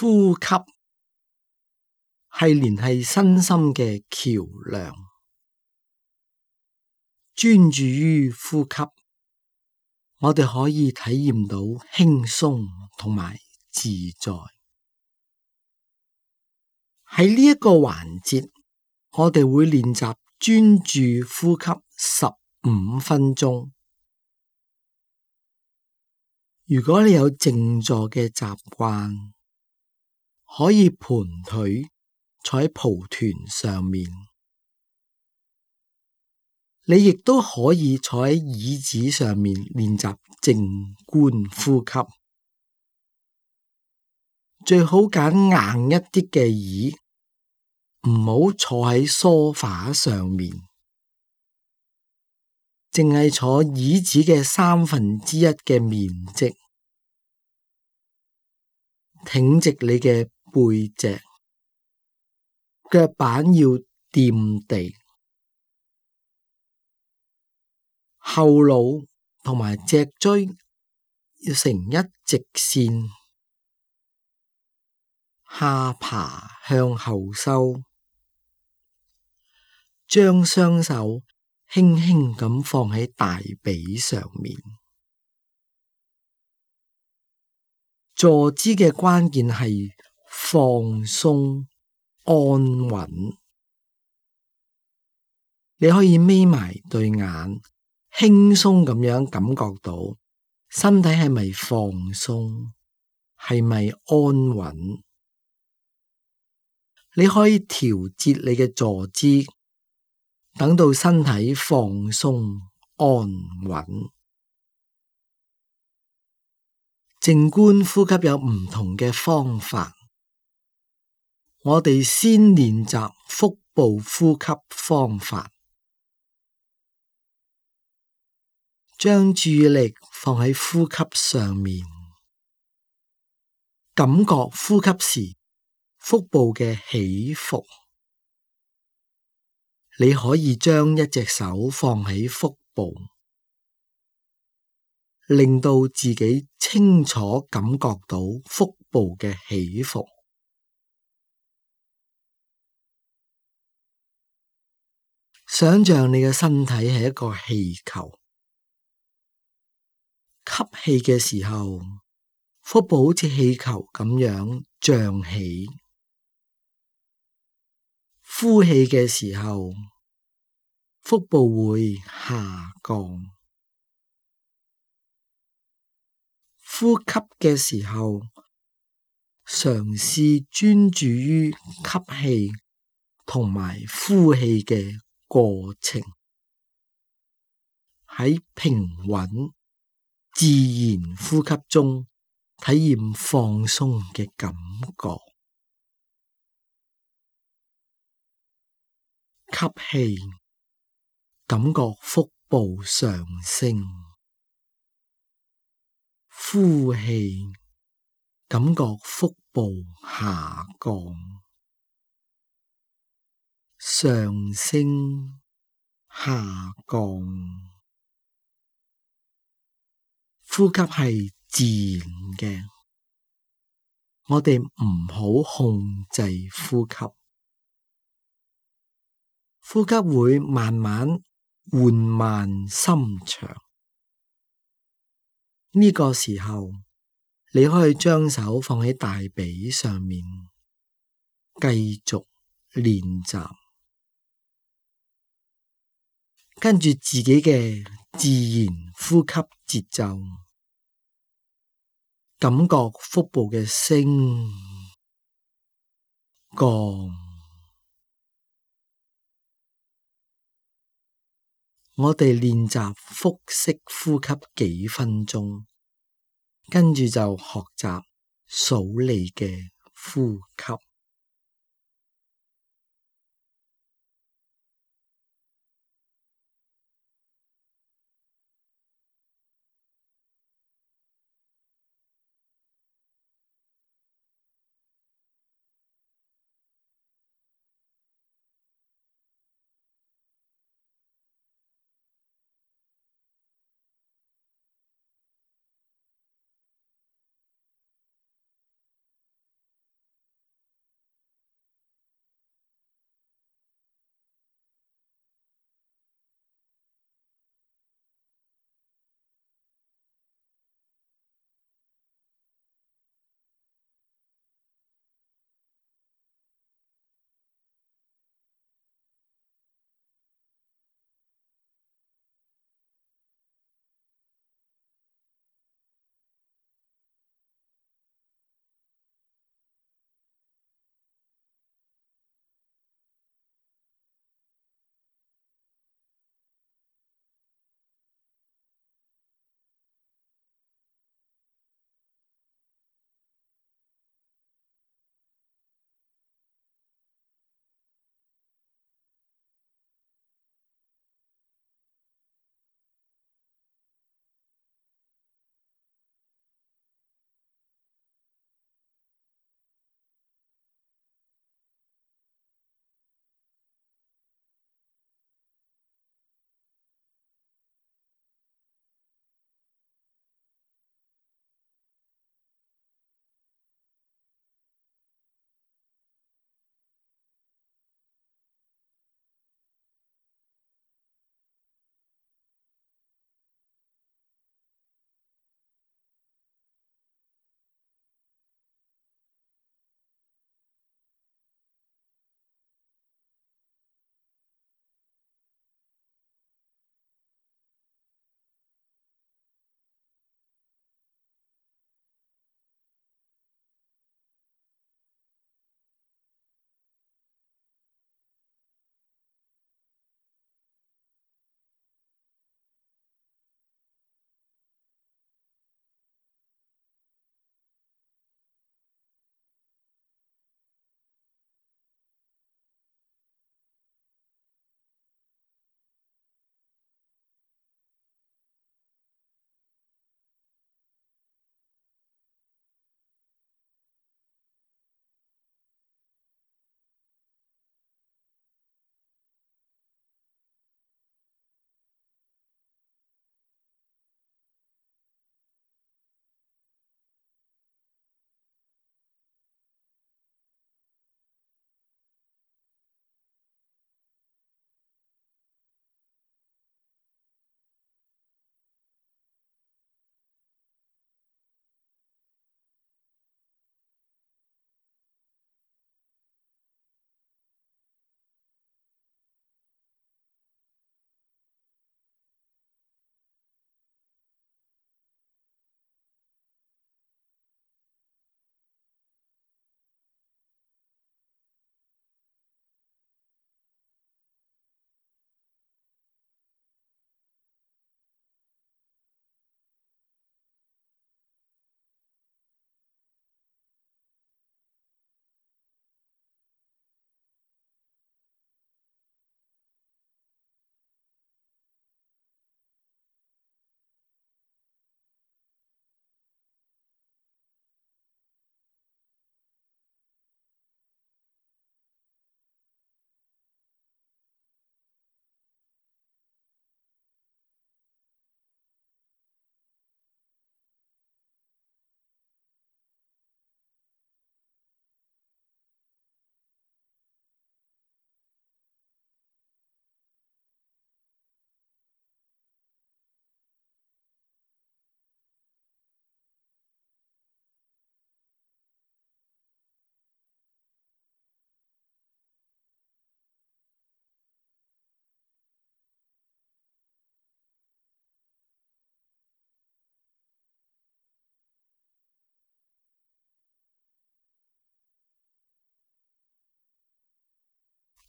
呼吸係聯繫身心嘅橋樑，專注於呼吸，我哋可以體驗到輕鬆同埋自在。喺呢一個環節，我哋會練習專注呼吸十五分鐘。如果你有靜坐嘅習慣，可以盤腿坐喺蒲團上面，你亦都可以坐喺椅子上面練習靜觀呼吸。最好揀硬一啲嘅椅，唔好坐喺梳化上面，淨係坐椅子嘅三分之一嘅面積，挺直你嘅背脊、腳板要墊地，後腦同埋脊椎要成一直線，下巴向後收，將雙手輕輕咁放喺大髀上面。坐姿嘅關鍵係。放鬆安穩，你可以眯埋對眼，輕鬆咁樣感覺到身體係咪放鬆，係咪安穩？你可以調節你嘅坐姿，等到身體放鬆安穩。靜觀呼吸有唔同嘅方法。我哋先練習腹部呼吸方法，將注意力放喺呼吸上面，感覺呼吸時腹部嘅起伏。你可以將一隻手放喺腹部，令到自己清楚感覺到腹部嘅起伏。想象你嘅身體係一個氣球，吸氣嘅時候，腹部好似氣球咁樣脹起；呼氣嘅時候，腹部會下降。呼吸嘅時候，嘗試專注於吸氣同埋呼氣嘅。過程喺平穩自然呼吸中體驗放鬆嘅感覺，吸氣感覺腹部上升，呼氣感覺腹部下降。上升、下降，呼吸係自然嘅，我哋唔好控制呼吸，呼吸會慢慢緩慢深長。呢個時候，你可以將手放喺大髀上面，繼續練習。跟住自己嘅自然呼吸節奏，感覺腹部嘅升降。我哋練習腹式呼吸幾分鐘，跟住就學習數你嘅呼吸。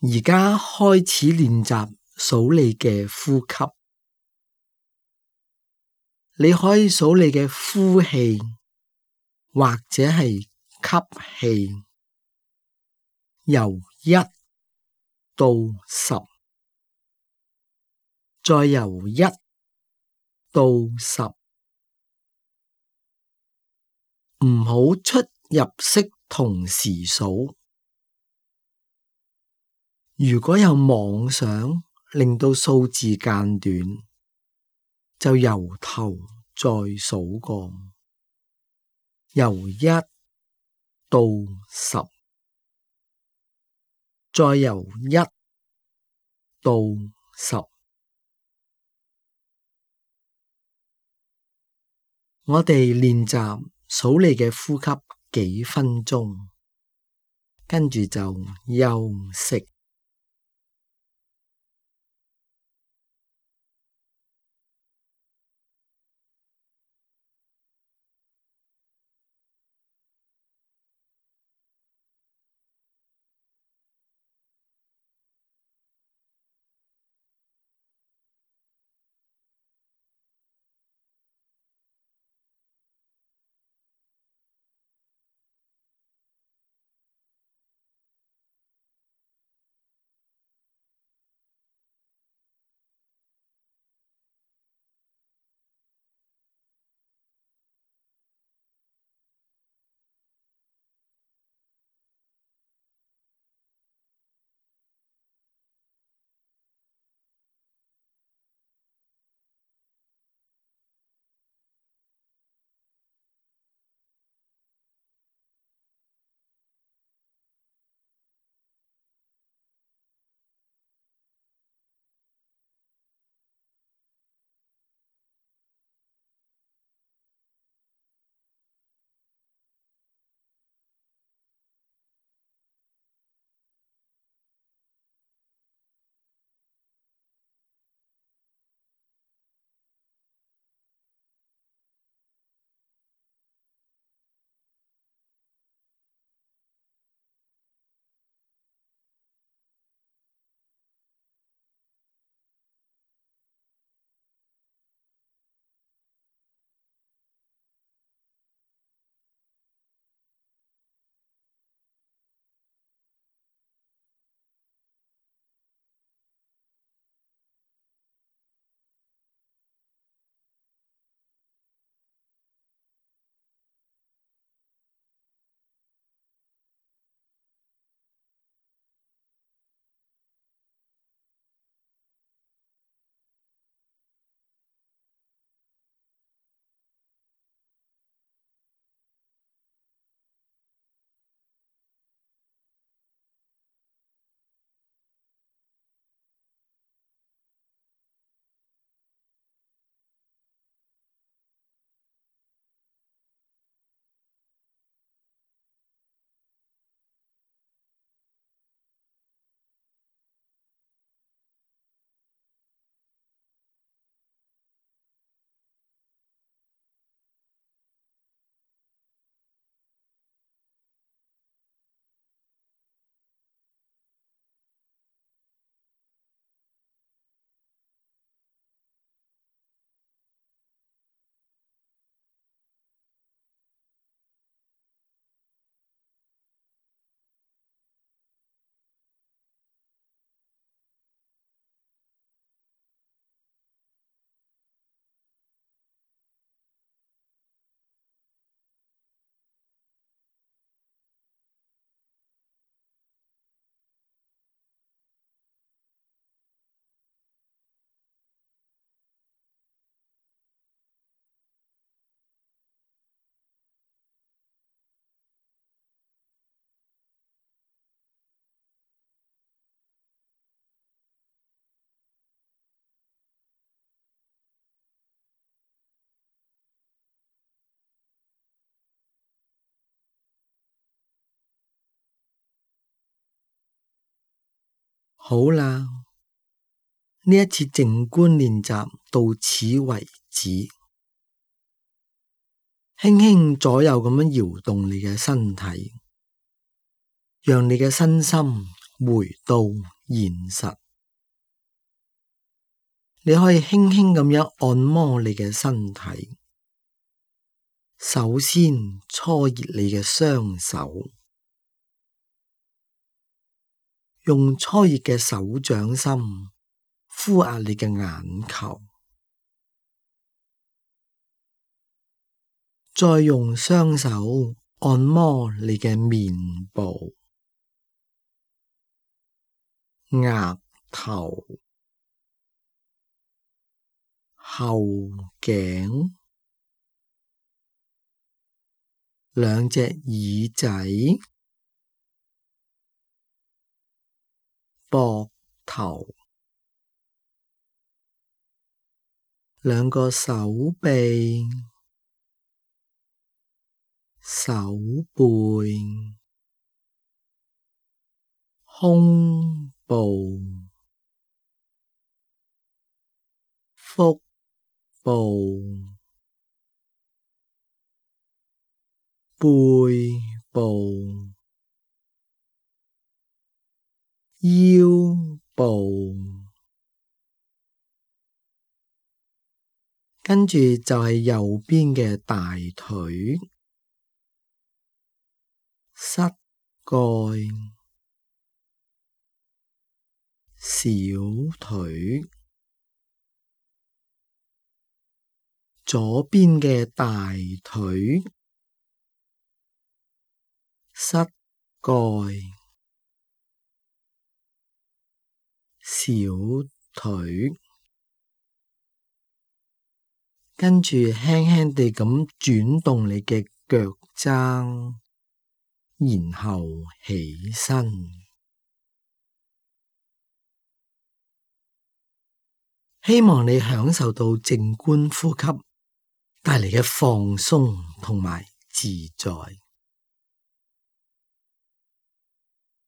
而家開始練習數你嘅呼吸，你可以數你嘅呼氣或者係吸氣，由一到十，再由一到十，唔好出入息同時數。如果有妄想令到數字間短，就由頭再數過，由一到十，再由一到十。我哋練習數你嘅呼吸幾分鐘，跟住就休息。好啦，呢一次靜觀練習到此為止。輕輕左右咁樣搖動你嘅身體，讓你嘅身心回到現實。你可以輕輕咁樣按摩你嘅身體，首先搓熱你嘅雙手。用搓熱嘅手掌心敷壓你嘅眼球，再用雙手按摩你嘅面部、額頭、後頸、兩隻耳仔。膊頭、兩個手臂、手背、胸部、腹部、背部。腰部，跟住就係右邊嘅大腿，膝蓋，小腿，左邊嘅大腿膝蓋。小腿，跟住輕輕地咁轉動你嘅腳踭，然後起身。希望你享受到靜觀呼吸帶嚟嘅放鬆同埋自在。